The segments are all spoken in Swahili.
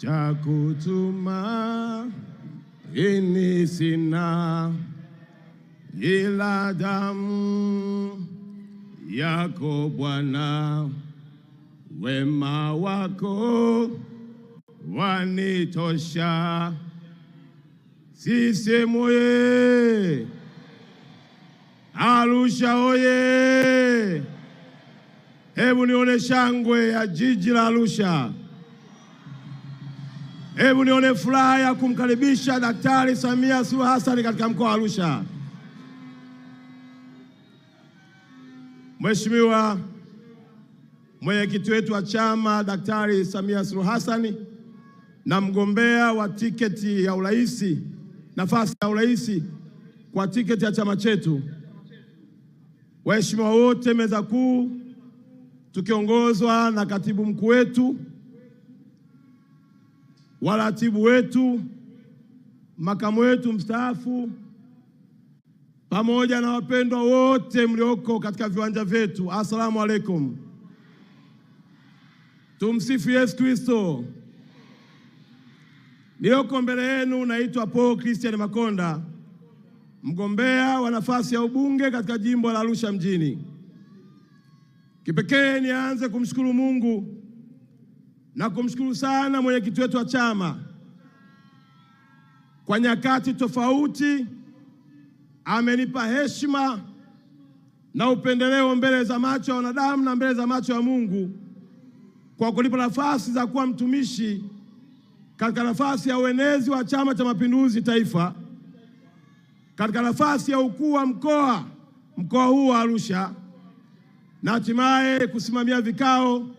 chakutuma inisina ini sina ila damu yako Bwana, wema wako wanitosha. Sisemu oye! Arusha oye! Hebu nione shangwe ya jiji la Arusha. Hebu nione furaha ya kumkaribisha Daktari Samia Suluhu Hassan katika mkoa wa Arusha. Mheshimiwa mwenyekiti wetu wa chama Daktari Samia Suluhu Hassan na mgombea wa tiketi ya urais, nafasi ya urais kwa tiketi ya chama chetu, waheshimiwa wote meza kuu tukiongozwa na katibu mkuu wetu waratibu wetu, makamu wetu mstaafu, pamoja na wapendwa wote mlioko katika viwanja vyetu, asalamu alaikum. Tumsifu Yesu Kristo. Niliyoko mbele yenu naitwa Paul Christian Makonda, mgombea wa nafasi ya ubunge katika jimbo la Arusha mjini. Kipekee nianze kumshukuru Mungu na kumshukuru sana mwenyekiti wetu wa chama kwa nyakati tofauti amenipa heshima na upendeleo mbele za macho ya wanadamu na mbele za macho ya Mungu kwa kunipa nafasi za kuwa mtumishi katika nafasi ya uenezi wa Chama cha Mapinduzi taifa, katika nafasi ya ukuu wa mkoa mkoa huu wa Arusha, na hatimaye kusimamia vikao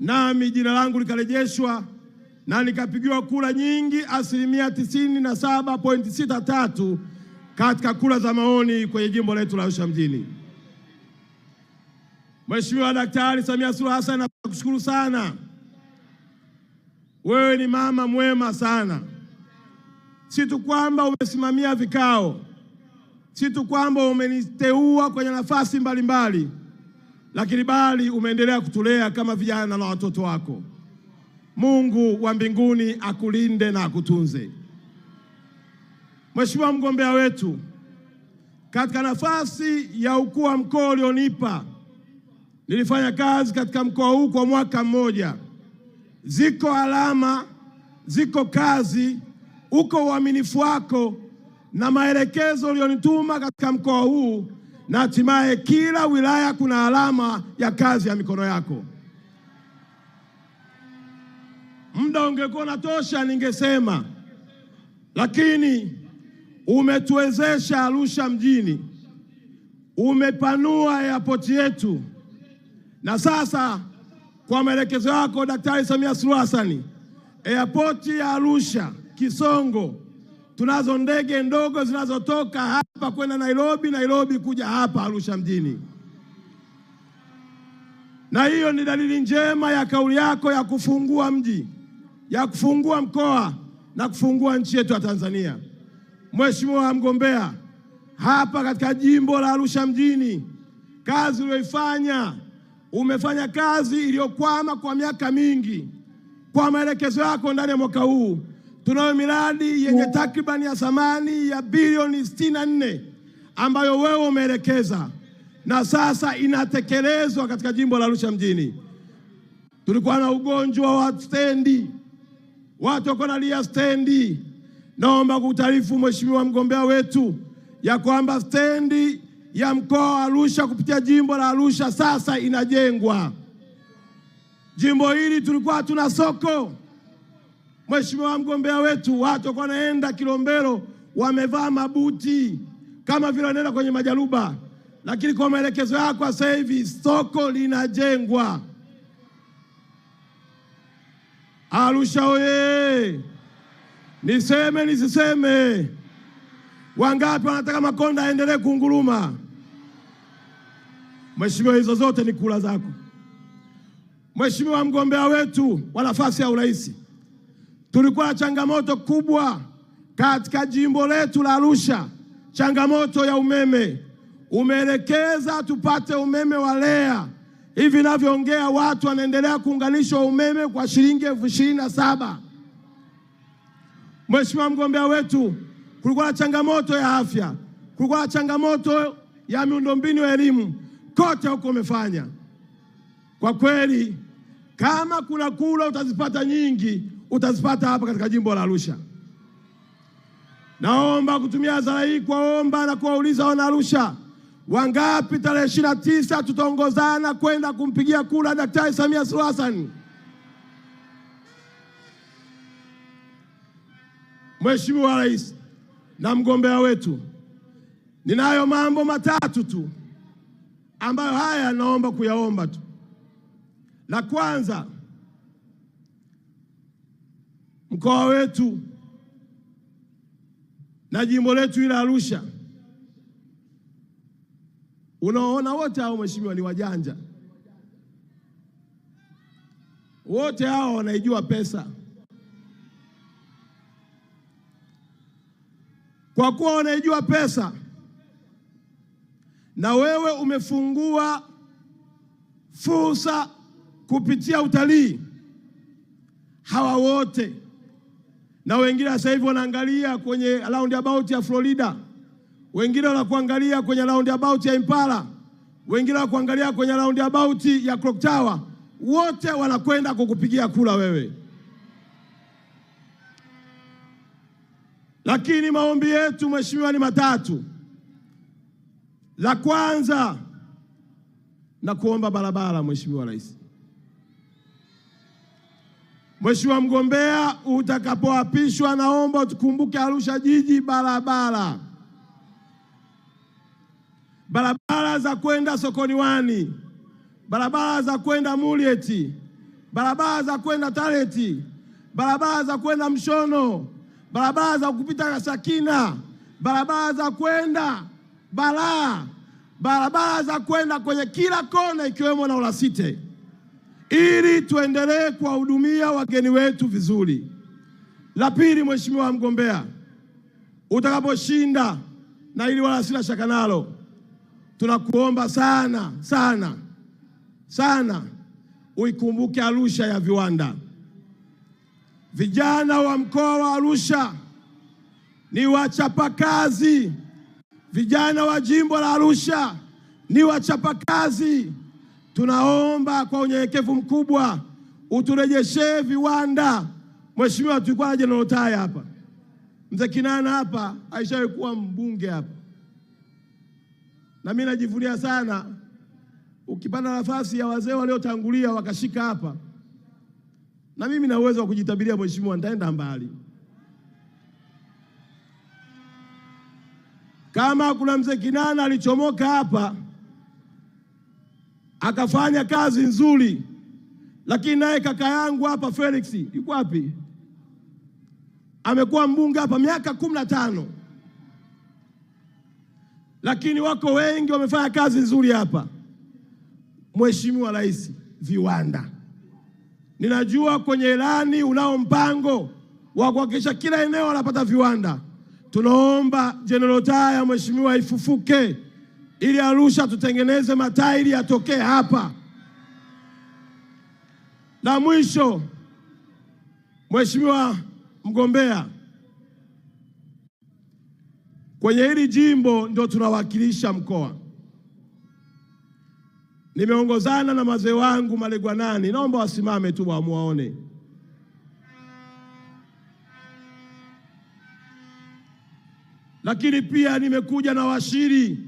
nami jina langu likarejeshwa na nikapigiwa kura nyingi asilimia tisini na saba pointi sita tatu katika kura za maoni kwenye jimbo letu la Arusha mjini. Mheshimiwa Daktari Samia Suluhu Hassan, nakushukuru sana. Wewe ni mama mwema sana, si tu kwamba umesimamia vikao, si tu kwamba umeniteua kwenye nafasi mbalimbali mbali lakini bali umeendelea kutulea kama vijana na watoto wako. Mungu wa mbinguni akulinde na akutunze. Mheshimiwa mgombea wetu, katika nafasi ya ukuu wa mkoa ulionipa, nilifanya kazi katika mkoa huu kwa mwaka mmoja. Ziko alama, ziko kazi, uko uaminifu wako na maelekezo ulionituma katika mkoa huu na hatimaye kila wilaya kuna alama ya kazi ya mikono yako. Muda ungekuwa unatosha ningesema, lakini umetuwezesha Arusha mjini, umepanua airport yetu, na sasa kwa maelekezo yako Daktari Samia Suluhu Hassan, airport ya Arusha Kisongo Tunazo ndege ndogo zinazotoka hapa kwenda Nairobi, Nairobi kuja hapa Arusha mjini, na hiyo ni dalili njema ya kauli yako ya kufungua mji, ya kufungua mkoa na kufungua nchi yetu ya Tanzania. Mheshimiwa mgombea, hapa katika jimbo la Arusha mjini, kazi uliyoifanya, umefanya kazi iliyokwama kwa miaka mingi. Kwa maelekezo yako ndani ya mwaka huu Tunayo miradi yenye mm. takribani ya thamani ya bilioni sitini na nne ambayo wewe umeelekeza na sasa inatekelezwa katika jimbo la Arusha mjini. Tulikuwa na ugonjwa wa stendi, watu wako nalia stendi. Naomba kutaarifu mheshimiwa mgombea wetu ya kwamba stendi ya mkoa wa Arusha kupitia jimbo la Arusha sasa inajengwa. Jimbo hili tulikuwa hatuna soko. Mheshimiwa mgombea wetu, watu wako wanaenda Kilombero wamevaa mabuti kama vile wanaenda kwenye majaruba, lakini kwa maelekezo yako sasa hivi soko linajengwa Arusha oye! Niseme nisiseme? Wangapi wanataka Makonda aendelee kunguruma? Mheshimiwa, hizo zote ni kula zako. Mheshimiwa mgombea wetu wa nafasi ya urais Tulikuwa na changamoto kubwa katika jimbo letu la Arusha, changamoto ya umeme. Umeelekeza tupate umeme wa REA. Hivi navyoongea watu wanaendelea kuunganishwa umeme kwa shilingi elfu ishirini na saba. Mheshimiwa mgombea wetu, kulikuwa na changamoto ya afya, kulikuwa na changamoto ya miundombinu ya elimu, kote huko umefanya. Kwa kweli, kama kuna kura utazipata nyingi utazipata hapa katika jimbo la Arusha. Naomba kutumia hadhara hii kuwaomba na kuwauliza wana Arusha, wangapi tarehe ishirini na tisa tutaongozana kwenda kumpigia kura Daktari Samia Suluhu Hassan? Mheshimiwa Rais na mgombea wetu, ninayo mambo matatu tu ambayo haya naomba kuyaomba tu. La kwanza mkoa wetu na jimbo letu ila Arusha, unaoona wote hao mheshimiwa, ni wajanja wote hao, wanaijua pesa. Kwa kuwa wanaijua pesa, na wewe umefungua fursa kupitia utalii, hawa wote na wengine sasa hivi wanaangalia kwenye about ya Florida, wengine wanakuangalia kwenye about ya Impala, wengine wanakuangalia kwenye about ya Clock Tower. Wote wanakwenda kukupigia kura wewe, lakini maombi yetu mheshimiwa ni matatu. La kwanza na kuomba barabara, Mheshimiwa Rais. Mheshimiwa mgombea, utakapoapishwa naomba tukumbuke Arusha jiji, barabara barabara za kwenda sokoni wani barabara za kwenda Mulieti, barabara za kwenda Tareti, barabara za kwenda Mshono, barabara za kupita Sakina, barabara za kwenda Balaa, barabara za kwenda kwenye kila kona ikiwemo na Ulasite ili tuendelee kuwahudumia wageni wetu vizuri. La pili, mheshimiwa mgombea, utakaposhinda, na ili wala sina shaka nalo, tunakuomba sana sana sana uikumbuke Arusha ya viwanda. Vijana wa mkoa wa Arusha ni wachapakazi, vijana wa jimbo la Arusha ni wachapakazi. Tunaomba kwa unyenyekevu mkubwa uturejeshee viwanda. Mheshimiwa, tulikuwa na Jenerali Tai hapa, mzee Kinana hapa, alishawahi kuwa mbunge hapa, na mimi najivunia sana ukipanda nafasi ya wazee waliotangulia wakashika hapa, na mimi na uwezo wa kujitabiria mheshimiwa, nitaenda mbali. Kama kuna mzee Kinana alichomoka hapa akafanya kazi nzuri, lakini naye kaka yangu hapa Felix yuko wapi? Amekuwa mbunge hapa miaka kumi na tano, lakini wako wengi wamefanya kazi nzuri hapa. Mheshimiwa Rais, viwanda, ninajua kwenye ilani unao mpango wa kuhakikisha kila eneo anapata viwanda. Tunaomba General Taya mheshimiwa ifufuke ili Arusha tutengeneze matairi yatokee hapa. La mwisho, Mheshimiwa mgombea, kwenye hili jimbo ndio tunawakilisha mkoa. Nimeongozana na mazee wangu Malegwanani, naomba wasimame tu wamwaone. Lakini pia nimekuja na washiri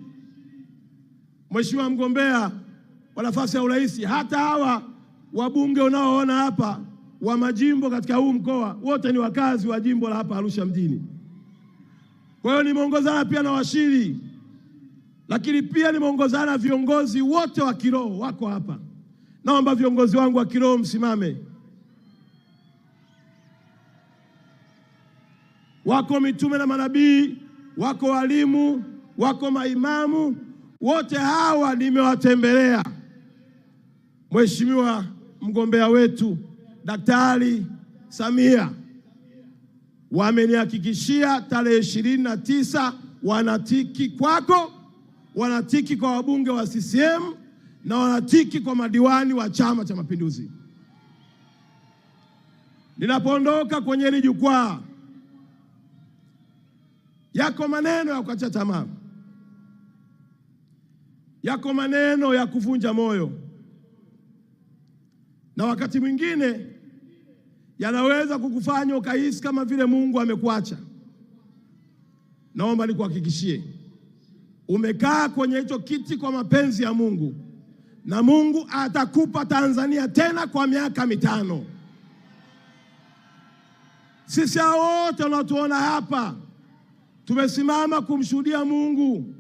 Mheshimiwa mgombea wa nafasi ya urais, hata hawa wabunge unaoona hapa wa majimbo katika huu mkoa wote ni wakazi wa jimbo la hapa Arusha mjini. Kwa hiyo nimeongozana pia na washiri, lakini pia nimeongozana viongozi wote wa kiroho wako hapa. Naomba viongozi wangu wa kiroho msimame, wako mitume na manabii, wako walimu, wako maimamu wote hawa nimewatembelea. Mheshimiwa mgombea wetu Daktari Samia wamenihakikishia tarehe ishirini na tisa wanatiki kwako, wanatiki kwa wabunge wa CCM na wanatiki kwa madiwani wa Chama cha Mapinduzi. Ninapoondoka kwenye hili jukwaa, yako maneno ya kukatia tamaa yako maneno ya kuvunja moyo, na wakati mwingine yanaweza kukufanya ukahisi kama vile Mungu amekuacha. Naomba nikuhakikishie, umekaa kwenye hicho kiti kwa mapenzi ya Mungu, na Mungu atakupa Tanzania tena kwa miaka mitano. Sisi hao wote wanaotuona hapa tumesimama kumshuhudia Mungu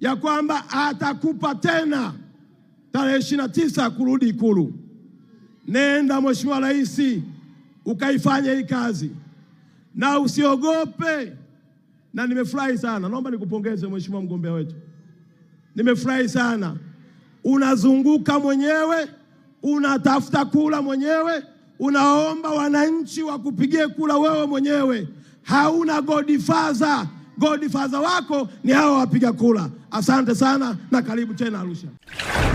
ya kwamba atakupa tena tarehe ishirini na tisa kurudi Ikulu. Nenda Mheshimiwa Rais ukaifanye hii kazi na usiogope, na nimefurahi sana. Naomba nikupongeze mheshimiwa mgombea wetu, nimefurahi sana. Unazunguka mwenyewe, unatafuta kula mwenyewe, unaomba wananchi wakupigie kula wewe mwenyewe, hauna godfather godfather wako ni hawa wapiga kura. Asante sana na karibu tena Arusha.